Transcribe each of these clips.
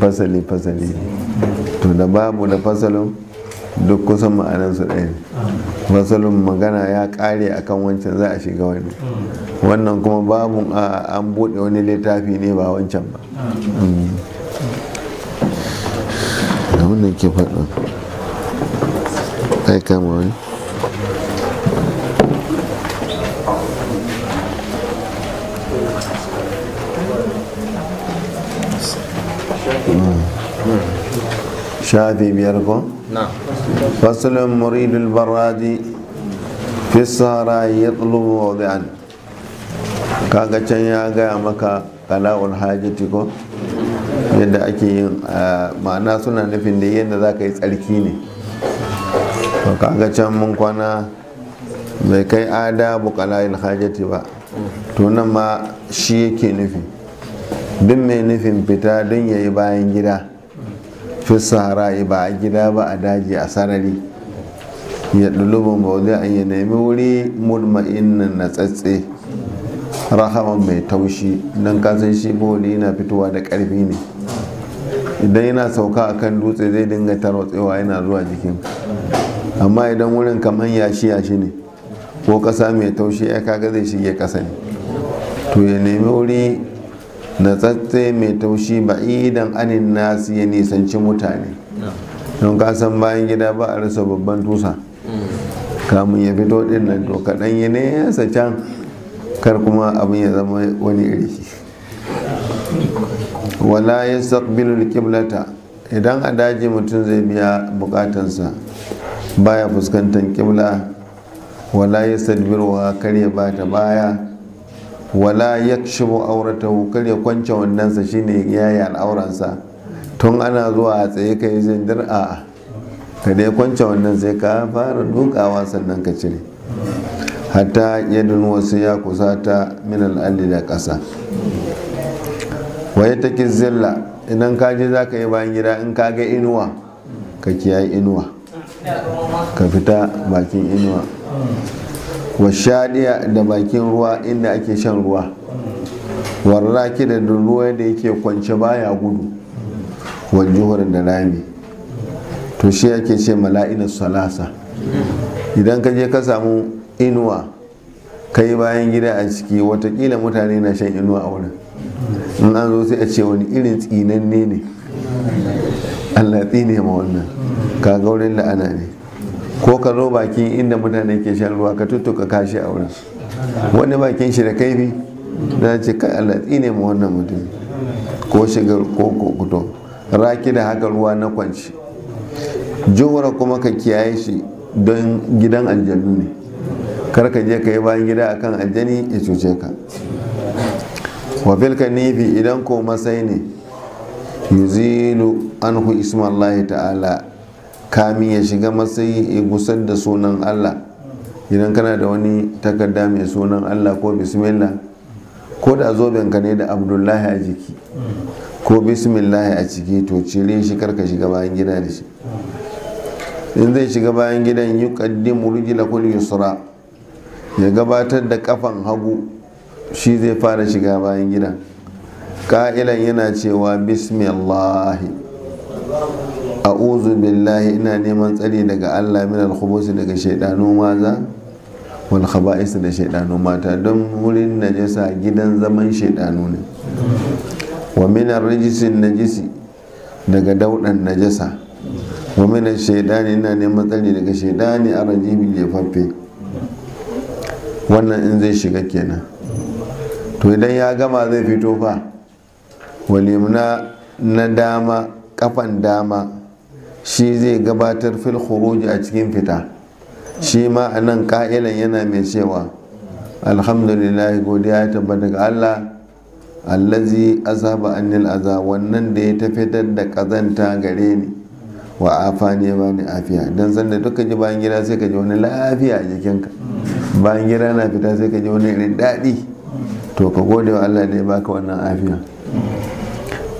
fasali fasali to da babu da fasalin duk kusan ma'anansu ɗaya fasalin magana ya ƙare akan wancan za a shiga wani wannan kuma babu a an buɗe wani littafi ne ba wancan ba mm. da wannan ke faɗa ai kama wani shafi biyar ko? fasulun muridul baradi fi ya tsulubu wadi'an kaga can ya gaya maka kala'ul hajjati ko? yadda ake yin ma'ana suna nufin da yadda zaka yi tsarki ne kaga can mun kwana bai kai ada bukala'il hajjati ba to ma shi yake nufi duk mai nufin fita don ya yi bayan gida fi sahara ba a gida ba a daji a sarari ya dulubu bauzi an ya nemi wuri mudma'innan na tsatse rahama mai taushi don kasan shi boli yana fitowa da ƙarfi ne idan yana sauka a kan dutse zai dinga tarotsewa yana zuwa jikin amma idan wurin kamar yashi yashi ne ko ƙasa mai taushi ya kaga zai shige ƙasa ne to ya nemi wuri Da tsatse mai taushi ba idan anin nasi ya nisanci mutane don kasan bayan gida ba a rasa babban tusa mm. kamun ya fito din nan to kaɗan ya nesa can kar kuma abin ya zama wani iri wala ya saƙbilu kiblata idan a daji mutum zai biya bukatansa baya fuskantar kibla wala ya sadbirwa kar ya bata baya wala ya yakshibu aurata kar ya kwance sa shine yayi al'auransa tun ana zuwa a tsaye kai zindir a ka dai kwance wannan sai ka fara dukawa sannan ka cire hatta yadin wasu ya kusata min al'alli da ƙasa waye take zilla idan ka je za ka yi bayan gida in ka ga inuwa ka kiyaye inuwa ka fita bakin inuwa washadiya da bakin ruwa inda ake shan ruwa warraki da ruwa da yake kwance baya gudu wajuhar da rami to shi yake ce mala'ina salasa idan ka je ka samu inuwa ka yi bayan gida a ciki watakila mutane na shan inuwa a wurin in an zo sai a ce wani irin tsinanne ne allah tsine ma wannan kaga wurin la'ana ne ko ka zo bakin inda mutane ke shan ruwa ka tuttuka kashi a wurin wani bakin shi da kaifi na ce kai Allah tsine mu wannan mutum ko shigar ko kokuto raki da haka ruwa na kwanci juhura kuma ka kiyaye shi don gidan aljannu ne kar ka je ka yi bayan gida akan aljani ya cuce ka wa filka nifi idan ko masai ne yuzilu anhu ismallahi ta'ala kami ya shiga matsayi ya gusar da sunan Allah idan kana da wani takarda mai sunan Allah ko bismillah ko da ka ne da abdullahi a jiki ko bismillah a ciki to cire shi karka shiga bayan gida da shi in zai shiga bayan gidan yi murji rijila kul yusra ya gabatar da kafan hagu shi zai fara shiga bayan gidan ka'ilan yana cewa bismillah a'udhu billahi ina neman tsari daga Allah min al-khubusi daga shaydanu maza wal khaba'is da shaydanu mata don wurin najasa gidan zaman shaydanu ne wa min ar rijsi najisi daga daudan najasa wa min ash-shaydani ina neman tsari daga shaydani ar-rajimi jefaffe wannan in zai shiga kenan to idan ya gama zai fito fa walimna na dama kafan dama shi zai gabatar fil khuruji a cikin fita shi ma a nan ka'ilan yana mai cewa alhamdulillah godiya ya ba daga Allah allazi azaba annil aza wannan da ya tafitar da kazanta gare ni wa afani ya bani afiya don sanda duka ji bayan gida sai ka ji wani lafiya a jikinka bayan gida na fita sai ka ji wani irin daɗi to ka gode wa Allah da ya baka wannan afiya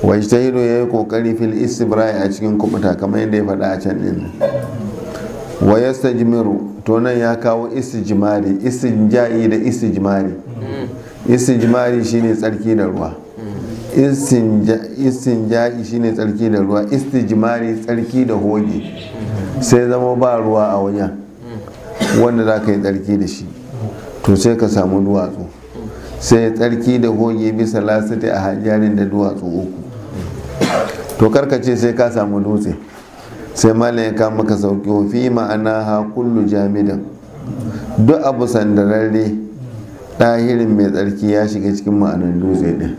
wai ta wajtahidu ya yi kokari fil istibrai a cikin kubuta kamar yadda ya faɗa a can ɗin wa yastajmiru to nan ya kawo istijmari istinja'i da istijmari shi ne tsarki da ruwa istinja'i ne tsarki da ruwa istijmari tsarki da hoge sai zama ba ruwa a wajen wanda za ka yi tsarki da shi to sai ka samu duwatsu sai tsarki da hoge bisa lasiti a hajjarin da duwatsu uku to karkace sai ka samu dutse sai malam ya kama ka sauki fi ma'ana ha kullu jamidan duk abu sandararre ɗahirin mai tsarki ya shiga cikin ma'anar dutse ɗin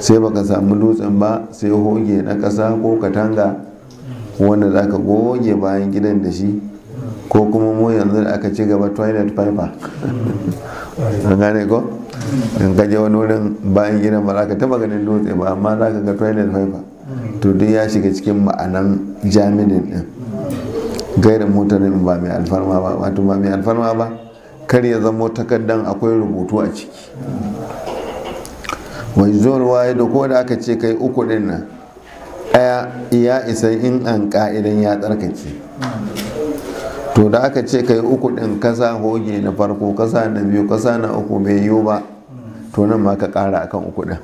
sai baka samu dutsen ba sai hoge na ƙasa ko katanga wanda za ka goge bayan gidan da shi ko kuma mu yanzu da aka ci gaba toilet paper an gane ko in kaje wani wurin bayan gidan ba za ka taba ganin dutse ba amma za ka ga toilet paper to duk ya shiga cikin ma'anan jami'in din mota ne ba mai alfarma ba wato ba mai alfarma ba kar ya zama takardan akwai rubutu a ciki wai zuwa da ko da aka ce kai uku din nan ɗaya ya isa in an ka'idan ya tsarkake to da aka ce kai uku din kasa hoge na farko kasa na biyu kasa na uku bai yiwu ba to nan ma ka kara akan uku din.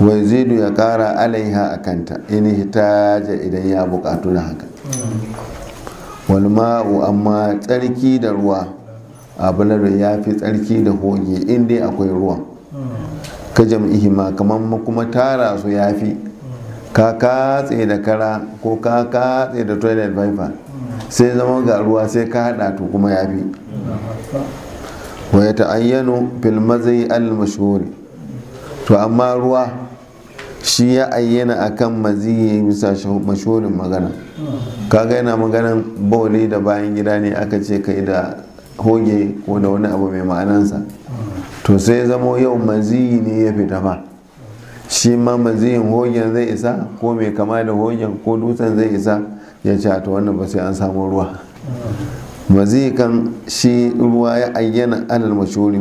wai zidu ya kara alaiha a kanta in hitaja idan ya bukatu na haka wani ma'u amma tsarki da ruwa abin ya fi tsarki da hoge in dai akwai ruwan ka jam'ihi ma kamar kuma tara su ya fi ka katse da kara ko ka katse da toilet paper sai zama ga ruwa sai ka hada to kuma ya fi wa ya ta'ayyano filmazai al-mashhuri to amma ruwa shi ya ayyana akan maziyi bisa mashorin magana kaga yana maganan bole da bayan gida ne aka ce kai da hoge ko da wani abu mai ma'anansa to sai zamo yau maziyi ne ya fita fa shi ma maziyin hogen zai isa ko mai kama da hogen ko dutsen zai isa ya ce to wannan ba sai an samu ruwa maziyi kan shi ruwa ya ayyana alal mashori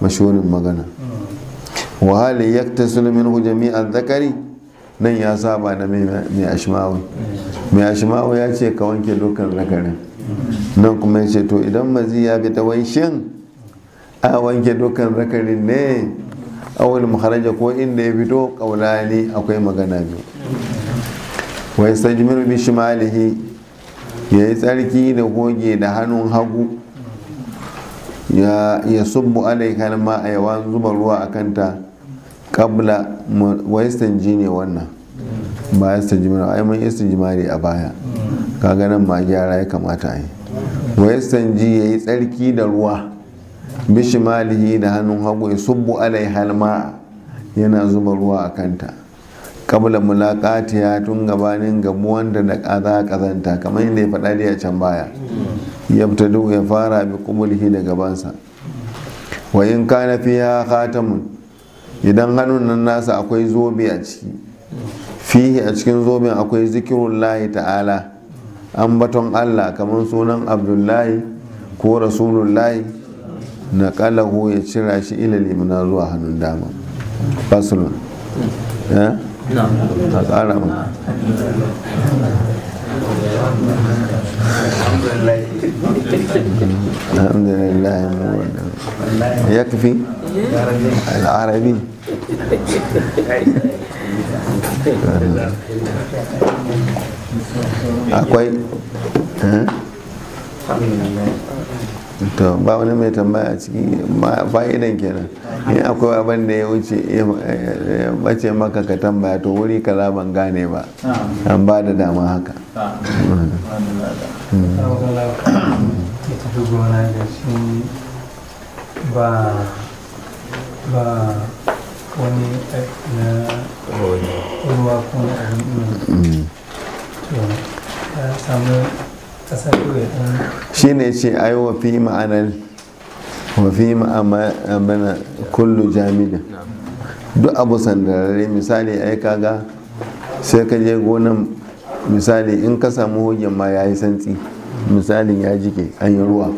mashorin magana wa hali yaktasilu minhu jami'ar zakari nan ya saba da mai ashmawi mai ashmawi ya ce ka wanke dukkan zakarin nan kuma ya ce to idan mazi ya fita tawai shan, a wanke dukkan zakarin ne wani muharaja ko inda ya fito kaulani akwai magana biyu wai sajmir bi shimalihi ya yi tsarki da goge da hannun hagu ya subbu alai ma a yawan zuba ruwa a kanta kabla wa ne wannan ba ya istanji mana ai mun istanji mare a baya kaga nan ma gyara ya kamata a yi wa ya yi tsarki da ruwa bishimalihi da hannun hagu ya subbu alai halma yana zuba ruwa a kanta kabla mulakati ya tun gabanin gabuwan da za kazanta kamar yadda ya faɗa a can baya yabtadu ya fara bi kumulhi da gabansa wa in kana fiya khatamun idan hannun nan nasa akwai zobe a ciki fihi a cikin zobe akwai zikirun lahi ta'ala baton allah kamar sunan abdullahi ko rasulun lahi na kalahu ya cira shi ilal zuwa hannun dama eh? ya? na ma ya kafi al'arabi akwai eh? ba wani mai tambaya a ciki fa'idan kenan in akwai abin da ya wuce ya bace maka ka tambaya to wuri ka ban gane ba an ba da dama haka ba wani na ruwa ko na abin ya samu kasar ya dan shi ne ce ai wa fi ma'anar wa fi ma'amana kullu jami'a duk abu sandararre misali ai kaga sai ka je gonan misali in ka samu hogen ma ya yi santsi misalin ya jike an yi ruwa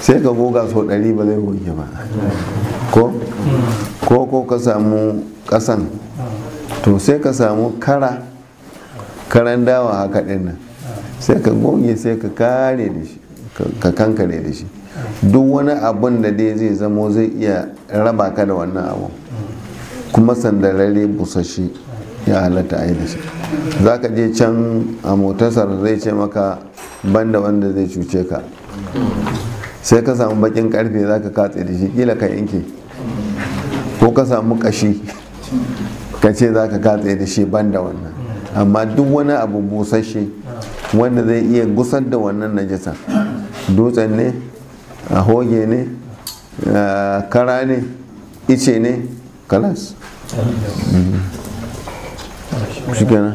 sai ka goga sau ɗari ba zai goge ba ko ko ko ka samu ƙasan to sai ka samu kara karan dawa haka ɗin nan sai ka goge sai ka kare da shi ka kankare da shi duk wani abun da dai zai zamo zai iya raba ka da wannan abu kuma sandarare busashi ya halatta a yi da shi za ka je can a motarsa zai ce maka banda wanda zai cuce ka sai ka samu bakin karfe za ka katse da shi kila ka yanke ko ka samu kashi ka ce za ka katse da shi ban da wannan amma duk wani abu busasshe wanda zai iya gusar da wannan najasa dutsen ne a hoge ne kara ne ice ne kalas mm-hmm. shi kenan